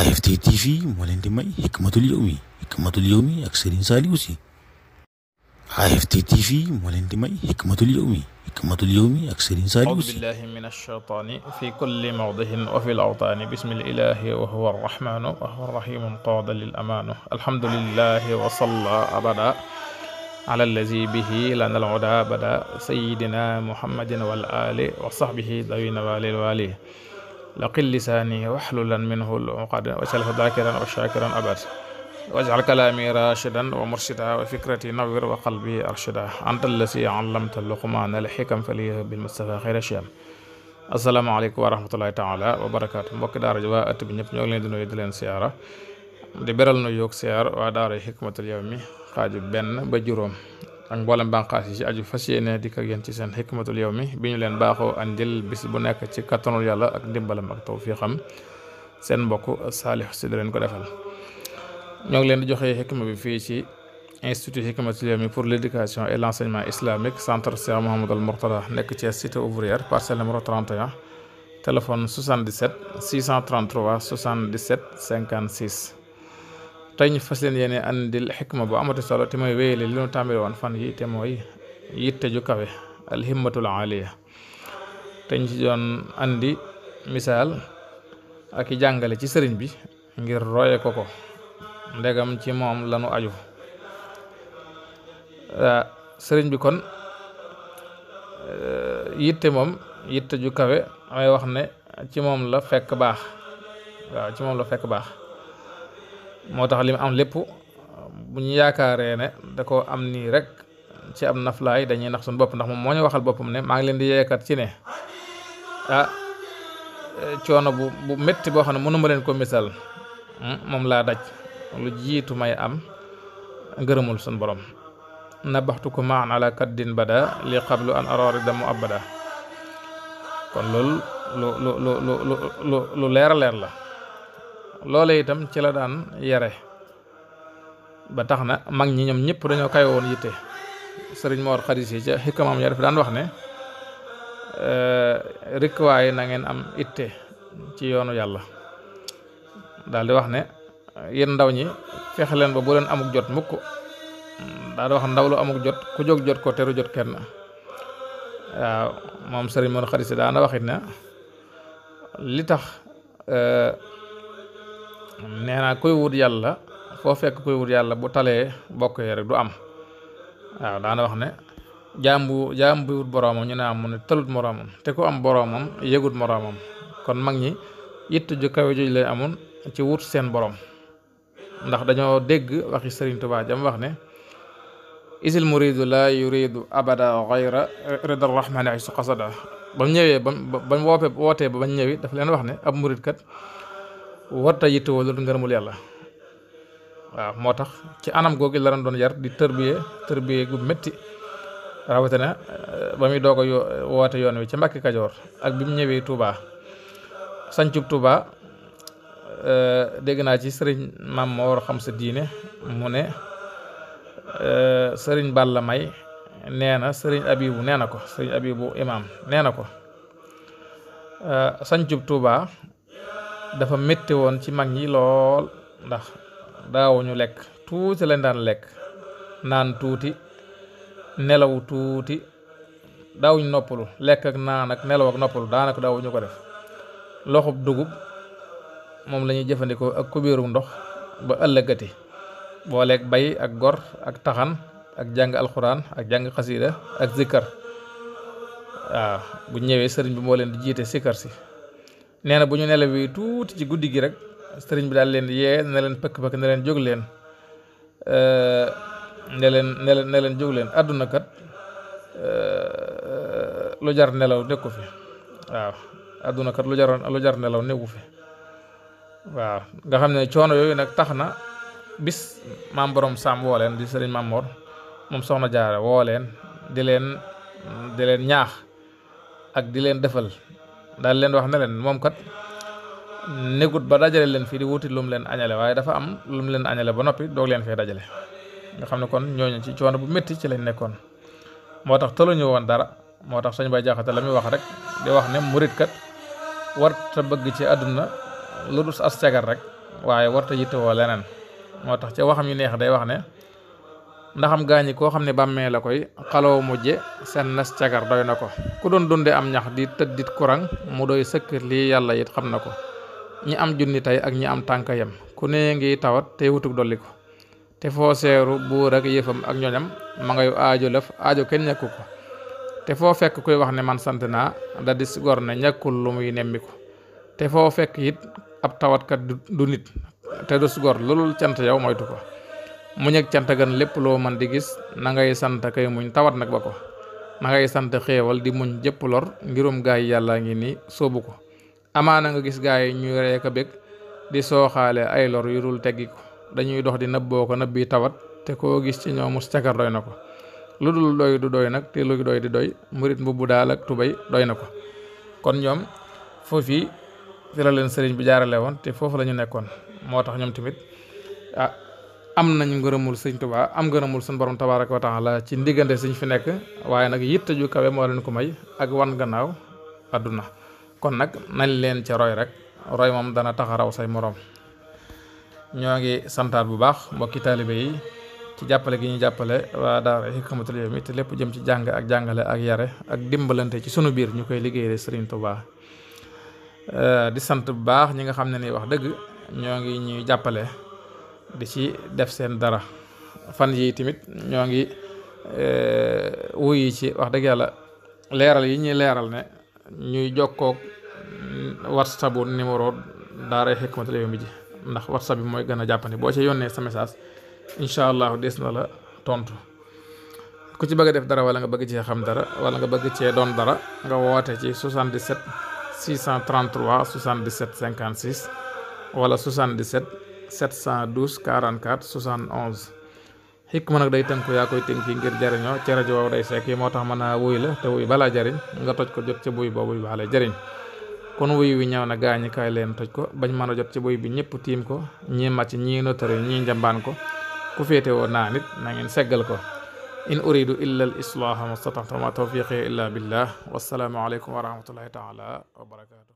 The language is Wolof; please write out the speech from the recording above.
AFT TV moo leen di may Hikmatul Yawmi Hikmatul Yawmi ak Serigne Saliou Sy AFT TV moo leen di may Hikmatul Yawmi Hikmatul Yawmi ak Serigne Saliou Sy. A'uuzu billaahi mina shaytaani fi kulli mawdi'in wa fil awtaani bismil ilaahi wa huwa rahmaanu wa huwa rahiimun qaada lil amaanu alhamdulillaahi wa salla abada ala allazi bihi lanal udaa bada sayyidina muhammadin wal aali wa sahbihi dawina waalil waali laqil lisaani waxlulan minhu luqadan waj'alhu daakiran wa shaakiran abad waj'al kalaami raashidan wa murshida wa fikrati nawwir wa qalbi arshida anta allasi allamta luqmaana alxikam faliyah bil mustafa xayra shiyam asalaamaaleykum wa rahmatullahi taala wa barakaatu mbokki daara ji waa ëtt bi ñëpp ñoo ngi leen di nuyu di leen siyaara di beral nu yoog siyaar waa daara xikmatul yawmi xaaju benn ba juróom ak mboolem bànqaas yi ci aju fas yéene dikk ak yéen ci seen xikmatul yow mi bi ñu leen baaxoo andil bis bu nekk ci kattanul yàlla ak ndimbalam ak tawfiixam seen mbokk saalix si da leen ko defal ñoo ngi leen di joxe xikma bi fii ci institut xikmatul yow mi pour l'éducation et l'enseignement islamique centre Cheikh Mouhamadou Mourtada nekk ci cité ouvrière parcelle numéro 31 téléphone 77 633 77 56 tey ñu fas leen yéene andil xikma bu amati solo te mooy wéyale li ñu tàmbali woon fan yi te mooy yitte ju kawe alhimmatul aaliya te ñu ci doon jàngale ci sëriñ bi ngir roye ko ko ndegam ci moom lanu aju ah, sëriñ bi kon eh, yitte moom yitte ju kawe amay wax ne ci moom la fekk baax waaw ci moom la fekk baax moo tax li mu am lépp bu ñu yaakaaree ne da ko am nii rek ci am naflaay dañuy nax suñu bopp ndax moom moo ñu waxal boppam ne maa ngi leen di yeekat ci ne ah coono bu bu métti boo xam ne mënuma leen ko misaal hmm, moom laa daj lu jiitu may am ngërëmul suñu borom nabaxtuko maan ala kaddin bada li qablu an ararida mu abada kon loolu lu lu lu lu lu leer a leer la loole itam ci la daan yare ba tax na mag ñi ñoom ñëpp dañoo kayo woon yitte sëriñ Mor xaris yi ca xikkamam ya daf daan wax ne euh, rikk am itte ci yoonu yàlla daal di wax ne yéen ndaw ñi fexe leen ba bu leen amuk jot mukk daal di wax ndaw lu amuk jot ku jóg jot ko teru jot kenn waaw moom sëriñ Mor xaris yi daana waxit na li tax euh, nee naa kuy wut yàlla foo fekk kuy wut yàlla bu talee bokk yee rek du am waaw daana wax ne jaam bu jaam bu wut boroomam ñu ne am mu ne talut moroomam te ku am boroomam yëgut moroomam kon mag ñi it ju kawe juj lay amoon ci wut seen borom ndax dañoo dégg waxi Sëriñ Tuubaa jam wax ne isil muridu la yuridu abada xayra rida rahmani ay su qasada ba mu ñëwee ba ba woopee wootee ba bañ ñëwi dafa leen wax ne ab murid kat warta yittewoo lu dul ngërëmul yàlla waaw moo tax ci anam googu la doon yar di tërbiyee tërbiyee gu métti rawatina eh, ba muy doog yo woote yoon wi ci Mbàkke Kajoor ak bi mu ñëwee Touba sancub Touba eh, dégg naa ci sëriñ maam moo war xam sa diine mu ne eh, sëriñ Balla May nee na sëriñ Abibu nee na ko sëriñ Abibu imaam nee na ko sancub Touba dafa métti woon ci mag ñi lool ndax daawuñu lekk tuuti lañ daan lekk naan tuuti nelaw tuuti daawuñ noppalu lekk ak naan ak nelaw ak noppalu daanaka daawuñu ko def loxub dugub moom lañuy jëfandikoo ak kubéeru ndox ba ëllëgati booleeg bay ak gor ak taxan ak jàng alxuraan ak jàng xasiida ak zikkar waaw bu ñewee sëriñ bi moo leen di jiite sikkar si nee na bu ñu nelaw nelawee tuuti ci guddi gi rek sëriñ bi daal leen yee ne leen pëkk pëkk ne leen jóg leen ne leen ne leen ne leen jóg leen àdduna kat lu jar nelaw nekku fi waaw àdduna kat lu jar lu jar nelaw nekku fi waaw nga xam ne coono yooyu nag tax na bis maam borom woo leen di sëriñ Maam moom soxna jaare woo leen di leen di leen ñaax ak di leen defal daal leen wax ne leen moom kat négut ba dajale leen fii di wuti lu leen añale waaye dafa am lu mu leen añale ba noppi doog leen fee dajale nga xam ne kon ñooñu ci coono bu métti ci lañ nekkoon moo tax tëluñu woon dara moo tax sëñ bay jaxate la muy wax rek di wax ne murit kat warta bëgg ci àdduna lu dus as cagar rek waaye warta yittewoo leneen moo tax ca waxam yu neex day wax ne ndaxam gaañi koo xam ne bàmmee la koy xalaw mujje seen nas cagar doy na ko ku doon dunde am ñax di tëddit kurang mu doy sëkk lii yàlla it xam na ko ñi am junni tey ak ñi am tànk yam ku ne ngi tawat te wutug dolli ko te foo seeru buur ak yëfam ak ñoñam ma ngay aajo lëf aajo kenn ñàkku ko te foo fekk kuy wax ne man sant naa da dis gor ne ñàkkul lu muy nemmiku te foo fekk it ab tawatkat du nit te dus gor loolul cant yow moytu ko mu ak cant gan lépp loo man di gis nangay ngay sant kay muñ tawat nag ba ko na ngay sant xéewal di muñ jëpp lor ngirum gaay yi yàlla ngi ni soobu ko amaana nga gis gaay yi ñuy reeka bég di sooxaale ay lor yu dul teggi ko dañuy dox di nëbboo ko nëbbi tawat te koo gis ci ñoom mus doy na ko lu dul doy du doy nag te lu doy di doy murit mbubbu daal ak tubay doy na ko kon ñoom foofu fi la leen sëriñ bi jaarale woon te foofu la nekkoon moo tax ñoom tamit ah, am nañ ngërëmul sëñ tubaa am ngërëmul suñ borom tabaaraka wa taala ci ndiggante suñ fi nekk waaye nag yitte ju kawe moo leen ko may ak wan gannaaw àdduna kon nag nañ leen ca roy rek roy moom dana raw say moroom ñoo ngi santaat bu baax mbokki taalibe yi ci jàppale gi ñuy jàppale waa daara Hikmatul Yawmi lépp jëm ci jàng ak jàngale ak yare ak dimbalante ci sunu biir ñu koy liggéey liggéeyee sëriñ tubaa di sant bu baax ñi nga xam ne ni wax dëgg ñoo ngi ñuy jàppale di ci def seen dara fan yi tamit ñoo ngi eh, wuyu ci wax dëgg yàlla leeral yi ñuy leeral ne ñuy jokkoog whatsapp bu numéro daara Hikmatul Yawmi ji ndax whatsapp bi mooy gën a jàppandi boo ci yónnee sa message incha allah des na la tontu ku ci bëgg def dara wala nga bëgg cee xam dara wala nga bëgg cee doon dara nga woote ci 77 633 77 wala 77 712 44 71 xikma nag day tënku yaa koy tënki ngir jariñoo ci rajo waaw day sekk yi moo tax ma a wuy la te wuy balaa jariñ nga toj ko jot ci buy boobu baa lay jariñ kon wuy wi ñëw na gaañukaay leen toj ko bañ mën a jot ci buy bi ñëpp tiim ko ñii màcc ñii notari ñii njambaan ko ku féete woo naa nit na ngeen seggal ko in uridu illa al islaaha mastata'tu ma tawfiqi illa billah wassalaamu aleykum wa rahmatullahi wa barakatu